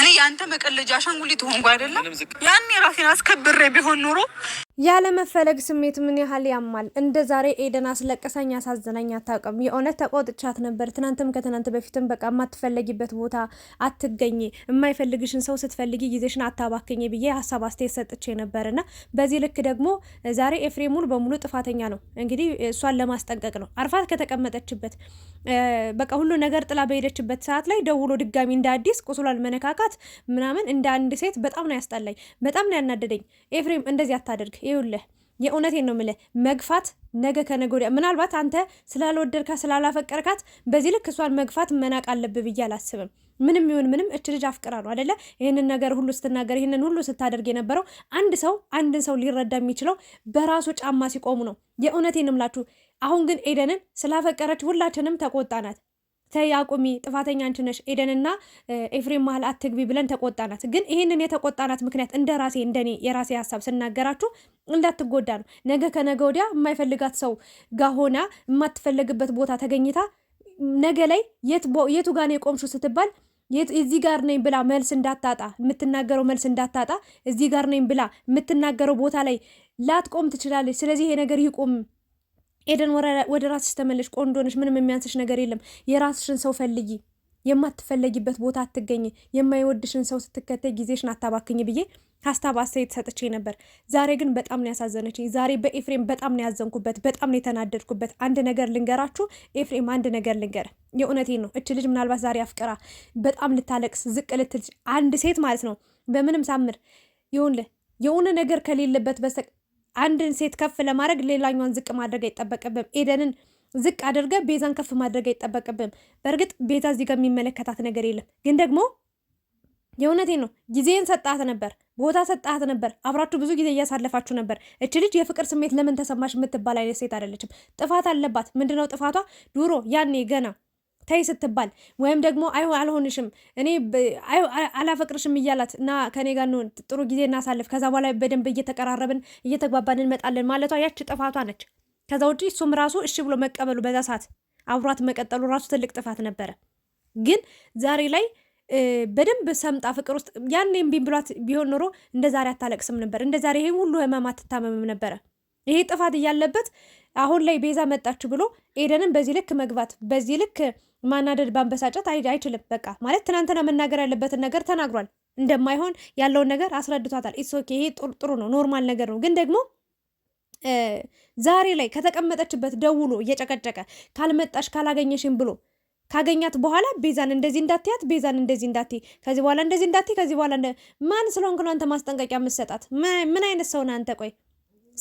እኔ የአንተ መቀለጃ አሻንጉሊት ሆንኩ አይደለም። ያኔ ራሴን አስከብሬ ቢሆን ኑሮ ያለመፈለግ ስሜት ምን ያህል ያማል። እንደ ዛሬ ኤደን አስለቀሰኝ አሳዘነኝ አታውቅም። የእውነት ተቆጥቻት ነበር። ትናንትም ከትናንት በፊትም በቃ የማትፈለጊበት ቦታ አትገኝ፣ የማይፈልግሽን ሰው ስትፈልጊ ጊዜሽን አታባክኝ ብዬ ሀሳብ አስተያየት ሰጥቼ ነበር እና በዚህ ልክ ደግሞ ዛሬ ኤፍሬም ሙሉ በሙሉ ጥፋተኛ ነው። እንግዲህ እሷን ለማስጠንቀቅ ነው። አርፋት ከተቀመጠችበት በቃ ሁሉ ነገር ጥላ በሄደችበት ሰዓት ላይ ደውሎ ድጋሚ እንደ አዲስ ቁስሏን መነካካት ምናምን እንደ አንድ ሴት በጣም ነው ያስጠላኝ፣ በጣም ነው ያናደደኝ። ኤፍሬም እንደዚህ አታደርግ ይኸውልህ የእውነቴን ነው የምልህ፣ መግፋት ነገ ከነገ ወዲያ ምናልባት አንተ ስላልወደድካ ስላላፈቀርካት በዚህ ልክ እሷን መግፋት መናቅ አለብህ ብዬ አላስብም። ምንም ይሁን ምንም እች ልጅ አፍቅራ ነው አደለ? ይህንን ነገር ሁሉ ስትናገር ይህንን ሁሉ ስታደርግ የነበረው አንድ ሰው አንድን ሰው ሊረዳ የሚችለው በራሱ ጫማ ሲቆሙ ነው። የእውነቴን እምላችሁ አሁን ግን ኤደንን ስላፈቀረች ሁላችንም ተቆጣናት። ተይ አቁሚ፣ ጥፋተኛ አንቺ ነሽ፣ ኤደንና ኤፍሬም መሀል አትግቢ ብለን ተቆጣናት። ግን ይህንን የተቆጣናት ምክንያት እንደ ራሴ እንደኔ የራሴ ሀሳብ ስናገራችሁ እንዳትጎዳ ነው። ነገ ከነገ ወዲያ የማይፈልጋት ሰው ጋር ሆና የማትፈለግበት ቦታ ተገኝታ ነገ ላይ የቱ ጋር ነው የቆምሽው ስትባል እዚህ ጋር ነኝ ብላ መልስ እንዳታጣ የምትናገረው መልስ እንዳታጣ እዚህ ጋር ነኝ ብላ የምትናገረው ቦታ ላይ ላትቆም ትችላለች። ስለዚህ ይሄ ነገር ይቁም። ኤደን ወደ ራስሽ ተመለሽ፣ ቆንጆ ነሽ፣ ምንም የሚያንስሽ ነገር የለም። የራስሽን ሰው ፈልጊ፣ የማትፈለጊበት ቦታ አትገኝ። የማይወድሽን ሰው ስትከተይ ጊዜሽን አታባክኝ ብዬ ሀሳብ አስተያየት ሰጥቼ ነበር። ዛሬ ግን በጣም ነው ያሳዘነችኝ። ዛሬ በኤፍሬም በጣም ነው ያዘንኩበት፣ በጣም ነው የተናደድኩበት። አንድ ነገር ልንገራችሁ ኤፍሬም፣ አንድ ነገር ልንገር፣ የእውነቴን ነው። እች ልጅ ምናልባት ዛሬ አፍቅራ በጣም ልታለቅስ ዝቅ ልትል፣ አንድ ሴት ማለት ነው በምንም ሳምር ይሁንልህ የሆነ ነገር ከሌለበት በስተቀር አንድን ሴት ከፍ ለማድረግ ሌላኛዋን ዝቅ ማድረግ አይጠበቅብም። ኤደንን ዝቅ አድርገ ቤዛን ከፍ ማድረግ አይጠበቅብም። በእርግጥ ቤዛ እዚህ ጋር የሚመለከታት ነገር የለም፣ ግን ደግሞ የእውነቴ ነው። ጊዜን ሰጣት ነበር፣ ቦታ ሰጣት ነበር፣ አብራችሁ ብዙ ጊዜ እያሳለፋችሁ ነበር። እች ልጅ የፍቅር ስሜት ለምን ተሰማሽ የምትባል አይነት ሴት አይደለችም። ጥፋት አለባት። ምንድነው ጥፋቷ? ድሮ ያኔ ገና ተይ ስትባል ወይም ደግሞ አይ አልሆንሽም እኔ አላፈቅርሽም እያላት እና ከኔ ጋር ነው ጥሩ ጊዜ እናሳልፍ ከዛ በኋላ በደንብ እየተቀራረብን እየተግባባን እንመጣለን ማለቷ ያች ጥፋቷ ነች። ከዛ ውጪ እሱም ራሱ እሺ ብሎ መቀበሉ በዛ ሰዓት አብሯት መቀጠሉ ራሱ ትልቅ ጥፋት ነበረ። ግን ዛሬ ላይ በደንብ ሰምጣ ፍቅር ውስጥ ያኔ እምቢ ብሏት ቢሆን ኖሮ እንደ ዛሬ አታለቅስም ነበር። እንደ ዛሬ ይሄ ሁሉ ህመም አትታመምም ነበረ። ይሄ ጥፋት እያለበት አሁን ላይ ቤዛ መጣች ብሎ ኤደንን በዚህ ልክ መግባት በዚህ ልክ ማናደድ ባንበሳጨት አይችልም። በቃ ማለት ትናንትና መናገር ያለበትን ነገር ተናግሯል። እንደማይሆን ያለውን ነገር አስረድቷታል። ኢትስ ኦኬ ይሄ ጥሩ ነው፣ ኖርማል ነገር ነው። ግን ደግሞ ዛሬ ላይ ከተቀመጠችበት ደውሎ እየጨቀጨቀ ካልመጣሽ ካላገኘሽም ብሎ ካገኛት በኋላ ቤዛን እንደዚህ እንዳትያት፣ ቤዛን እንደዚህ እንዳትይ፣ ከዚህ በኋላ እንደዚህ እንዳትይ፣ ከዚህ በኋላ ማን ስለሆንክ ነው አንተ ማስጠንቀቂያ የምትሰጣት? ምን አይነት ሰው ነህ አንተ? ቆይ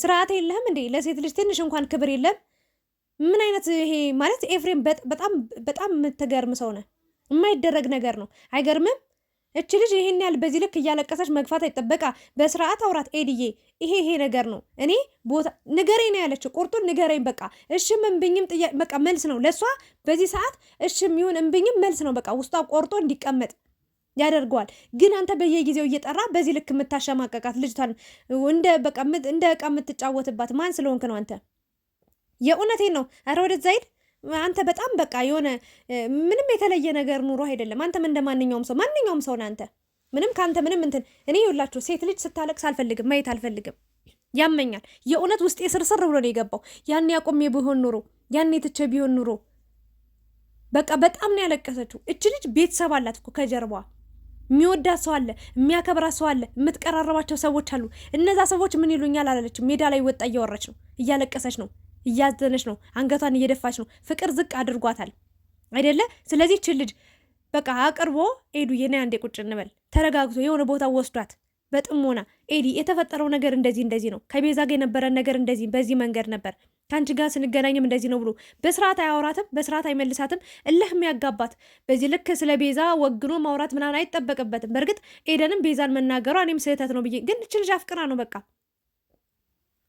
ስርዓት የለህም እንዴ? ለሴት ልጅ ትንሽ እንኳን ክብር የለም? ምን አይነት ይሄ ማለት ኤፍሬም፣ በጣም በጣም የምትገርም ሰው ነ የማይደረግ ነገር ነው። አይገርምም? እች ልጅ ይህን ያህል በዚህ ልክ እያለቀሰች መግፋት አይጠበቃ። በስርዓት አውራት ኤድዬ፣ ይሄ ይሄ ነገር ነው እኔ ቦታ ንገረኝ ነው ያለችው። ቁርጡን ንገረኝ በቃ። እሽም እምብኝም በቃ መልስ ነው ለእሷ በዚህ ሰዓት እሽም ይሁን እምብኝም መልስ ነው በቃ ውስጧ ቆርጦ እንዲቀመጥ ያደርገዋል። ግን አንተ በየጊዜው እየጠራ በዚህ ልክ የምታሸማቀቃት ልጅቷን እንደ በቃ እንደ የምትጫወትባት ማን ስለሆንክ ነው አንተ? የእውነቴን ነው። ኧረ ወደዛ ዛይድ አንተ በጣም በቃ የሆነ ምንም የተለየ ነገር ኑሮ አይደለም። አንተም እንደ ማንኛውም ሰው ማንኛውም ሰው አንተ ምንም ከአንተ ምንም እንትን እኔ ይውላችሁ ሴት ልጅ ስታለቅስ አልፈልግም፣ ማየት አልፈልግም፣ ያመኛል። የእውነት ውስጤ ስርስር ብሎ ነው የገባው። ያኔ አቆሜ ቢሆን ኑሮ ያኔ ትቼ ቢሆን ኑሮ በቃ በጣም ነው ያለቀሰችው። እች ልጅ ቤተሰብ አላት እኮ ከጀርባዋ የሚወዳት ሰው አለ፣ የሚያከብራት ሰው አለ፣ የምትቀራረባቸው ሰዎች አሉ። እነዛ ሰዎች ምን ይሉኛል አላለች። ሜዳ ላይ ወጣ እያወራች ነው፣ እያለቀሰች ነው፣ እያዘነች ነው፣ አንገቷን እየደፋች ነው። ፍቅር ዝቅ አድርጓታል አይደለ? ስለዚህ ች ልጅ በቃ አቅርቦ ኤዱ የና አንዴ ቁጭ እንበል ተረጋግቶ የሆነ ቦታ ወስዷት በጥሞና ኤዲ የተፈጠረው ነገር እንደዚህ እንደዚህ ነው፣ ከቤዛ ጋር የነበረን ነገር እንደዚህ በዚህ መንገድ ነበር ከአንቺ ጋር ስንገናኝም እንደዚህ ነው ብሎ በስርዓት አያወራትም፣ በስርዓት አይመልሳትም። እልህ የሚያጋባት በዚህ ልክ ስለ ቤዛ ወግኖ ማውራት ምናምን አይጠበቅበትም። በእርግጥ ኤደንም ቤዛን መናገሯ እኔም ስህተት ነው ብዬ ግን እች ልጅ አፍቅራ ነው በቃ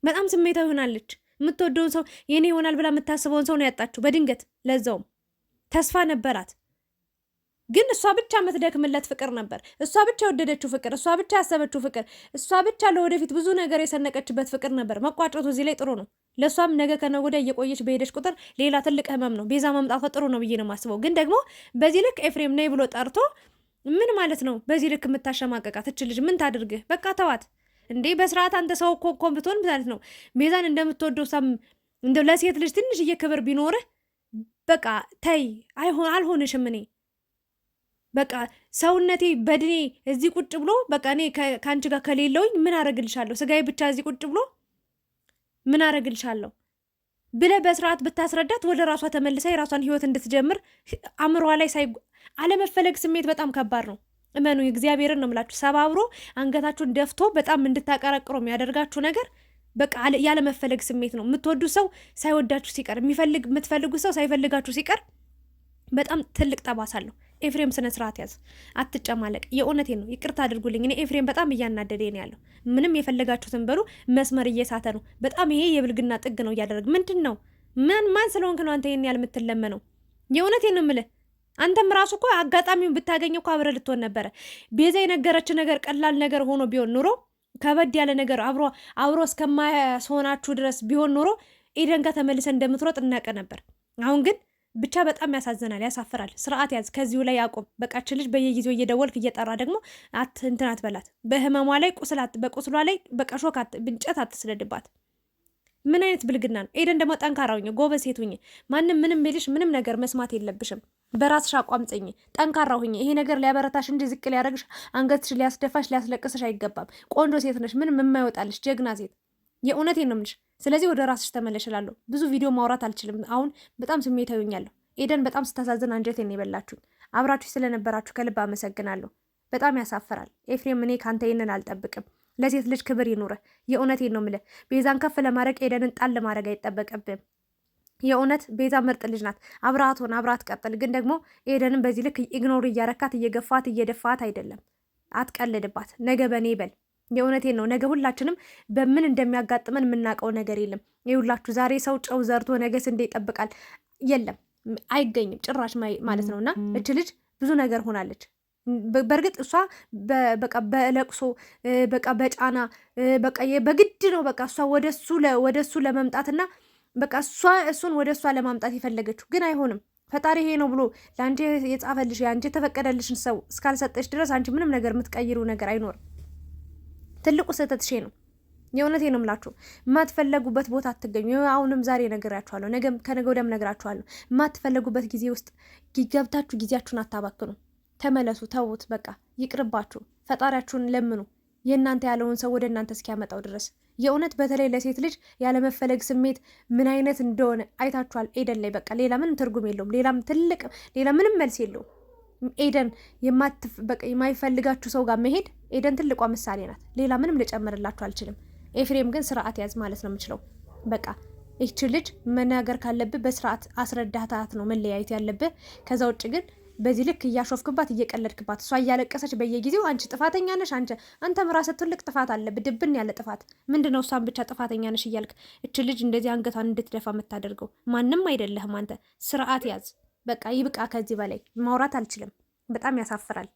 በጣም ስሜታዊ ይሆናለች። የምትወደውን ሰው የኔ ይሆናል ብላ የምታስበውን ሰው ነው ያጣችው በድንገት ለዛውም ተስፋ ነበራት። ግን እሷ ብቻ የምትደክምለት ፍቅር ነበር። እሷ ብቻ የወደደችው ፍቅር፣ እሷ ብቻ ያሰበችው ፍቅር፣ እሷ ብቻ ለወደፊት ብዙ ነገር የሰነቀችበት ፍቅር ነበር። መቋጨቱ እዚህ ላይ ጥሩ ነው። ለእሷም ነገ ከነገ ወዲያ እየቆየች በሄደች ቁጥር ሌላ ትልቅ ህመም ነው። ቤዛ መምጣቷ ጥሩ ነው ብዬ ነው የማስበው። ግን ደግሞ በዚህ ልክ ኤፍሬም ነይ ብሎ ጠርቶ ምን ማለት ነው? በዚህ ልክ የምታሸማቀቃት እች ልጅ ምን ታድርግህ? በቃ ተዋት እንዴ በስርዓት አንተ ሰው እኮ እኮ ብትሆን ማለት ነው ቤዛን እንደምትወደው ሳም እንደው ለሴት ልጅ ትንሽዬ ክብር ቢኖርህ በቃ ተይ፣ አልሆንሽም እኔ በቃ ሰውነቴ በድኔ እዚህ ቁጭ ብሎ በቃ እኔ ከአንቺ ጋር ከሌለውኝ ምን አረግልሻለሁ? ስጋዬ ብቻ እዚህ ቁጭ ብሎ ምን አረግልሻለሁ ብለህ በስርዓት ብታስረዳት ወደ ራሷ ተመልሳ የራሷን ህይወት እንድትጀምር አእምሯ ላይ ሳይ አለመፈለግ ስሜት በጣም ከባድ ነው። እመኑ እግዚአብሔርን ነው የምላችሁ። ሰባብሮ አንገታችሁን ደፍቶ በጣም እንድታቀረቅሮ የሚያደርጋችሁ ነገር በቃ ያለመፈለግ ስሜት ነው። የምትወዱ ሰው ሳይወዳችሁ ሲቀር፣ የምትፈልጉ ሰው ሳይፈልጋችሁ ሲቀር በጣም ትልቅ ጠባሳ አለው። ኤፍሬም ስነ ስርዓት ያዝ፣ አትጨማለቅ። የእውነቴን ነው፣ ይቅርታ አድርጉልኝ። እኔ ኤፍሬም በጣም እያናደደ ነው ያለው። ምንም የፈለጋችሁትን በሉ፣ መስመር እየሳተ ነው። በጣም ይሄ የብልግና ጥግ ነው እያደረግ። ምንድን ነው ማን ማን ስለሆንክ ነው አንተ ይህን ያህል የምትለመነው? የእውነቴን ነው የምልህ። አንተም ራሱ እኮ አጋጣሚውን ብታገኘው እኮ አብረህ ልትሆን ነበረ። ቤዛ የነገረች ነገር ቀላል ነገር ሆኖ ቢሆን ኑሮ ከበድ ያለ ነገር አብሮ አብሮ እስከማያስሆናችሁ ድረስ ቢሆን ኑሮ ኤደን ጋር ተመልሰን እንደምትሮጥ እናቀ ነበር። አሁን ግን ብቻ በጣም ያሳዝናል፣ ያሳፍራል። ስርዓት ያዝ፣ ከዚሁ ላይ አቁም። በቃችን ልጅ በየጊዜው እየደወልክ እየጠራ ደግሞ እንትን አትበላት። በህመሟ ላይ በቁስሏ ላይ በቀሾክ ብንጨት አትስደድባት። ምን አይነት ብልግና ነው? ኤደን ደግሞ ጠንካራ ሁኝ፣ ጎበዝ ሴት ሁኝ። ማንም ምንም ቢልሽ ምንም ነገር መስማት የለብሽም። በራስሽ አቋም ጽኝ፣ ጠንካራ ሁኝ። ይሄ ነገር ሊያበረታሽ እንጂ ዝቅ ሊያደርግሽ፣ አንገትሽ ሊያስደፋሽ፣ ሊያስለቅስሽ አይገባም። ቆንጆ ሴት ነሽ፣ ምንም የማይወጣልሽ ጀግና ሴት የእውነት ነው የምልሽ። ስለዚህ ወደ ራስሽ ተመለሽላለሁ። ብዙ ቪዲዮ ማውራት አልችልም አሁን በጣም ስሜት ያዩኛለሁ። ኤደን በጣም ስታሳዝን አንጀቴን የበላችሁኝ። አብራችሁ ስለነበራችሁ ከልብ አመሰግናለሁ። በጣም ያሳፈራል ኤፍሬም። እኔ ካንተ ይህንን አልጠብቅም። ለሴት ልጅ ክብር ይኑረ። የእውነቴን ነው የምልህ። ቤዛን ከፍ ለማድረግ ኤደንን ጣል ለማድረግ አይጠበቅብም። የእውነት ቤዛ ምርጥ ልጅ ናት። አብረሃት ሆን አብረሃት ቀጥል። ግን ደግሞ ኤደንን በዚህ ልክ ኢግኖር እያረካት እየገፋት እየደፋት አይደለም። አትቀልድባት። ነገ በእኔ ይበል የእውነቴን ነው። ነገ ሁላችንም በምን እንደሚያጋጥመን የምናውቀው ነገር የለም። ይሁላችሁ ዛሬ ሰው ጨው ዘርቶ ነገስ ስንዴ ይጠብቃል የለም አይገኝም ጭራሽ ማለት ነው። እና እች ልጅ ብዙ ነገር ሆናለች። በእርግጥ እሷ በቃ በለቅሶ በቃ በጫና በቃ በግድ ነው በቃ እሷ ወደ ወደሱ ለመምጣትና በቃ እሷ እሱን ወደ እሷ ለማምጣት የፈለገችው ግን አይሆንም። ፈጣሪ ይሄ ነው ብሎ ለአንቺ የጻፈልሽ የአንቺ የተፈቀደልሽን ሰው እስካልሰጠች ድረስ አንቺ ምንም ነገር የምትቀይሩ ነገር አይኖርም። ትልቁ ስህተት ሼ ነው። የእውነቴ ነው የምላችሁ፣ የማትፈለጉበት ቦታ አትገኙ። አሁንም ዛሬ ነግራችኋለሁ፣ ነገ ከነገ ወዲያም ነግራችኋለሁ። የማትፈለጉበት ጊዜ ውስጥ ገብታችሁ ጊዜያችሁን አታባክኑ። ተመለሱ፣ ተዉት፣ በቃ ይቅርባችሁ። ፈጣሪያችሁን ለምኑ፣ የእናንተ ያለውን ሰው ወደ እናንተ እስኪያመጣው ድረስ። የእውነት በተለይ ለሴት ልጅ ያለመፈለግ ስሜት ምን አይነት እንደሆነ አይታችኋል። ኤደን ላይ በቃ ሌላ ምንም ትርጉም የለውም፣ ሌላም ትልቅ ሌላ ምንም መልስ የለውም። ኤደን የማይፈልጋችሁ ሰው ጋር መሄድ ኤደን ትልቋ ምሳሌ ናት። ሌላ ምንም ልጨምርላችሁ አልችልም። ኤፍሬም ግን ስርዓት ያዝ ማለት ነው የምችለው። በቃ ይቺ ልጅ መናገር ካለብህ በስርዓት አስረዳታት ነው መለያየት ያለብህ። ከዛ ውጭ ግን በዚህ ልክ እያሾፍክባት እየቀለድክባት፣ እሷ እያለቀሰች በየጊዜው አንቺ ጥፋተኛ ነሽ፣ አንቺ አንተም ራስህ ትልቅ ጥፋት አለብህ፣ ድብን ያለ ጥፋት ምንድነው? እሷን ብቻ ጥፋተኛ ነሽ እያልክ እቺ ልጅ እንደዚህ አንገቷን እንድትደፋ የምታደርገው ማንም አይደለህም አንተ። ስርዓት ያዝ በቃ ይብቃ። ከዚህ በላይ ማውራት አልችልም። በጣም ያሳፍራል።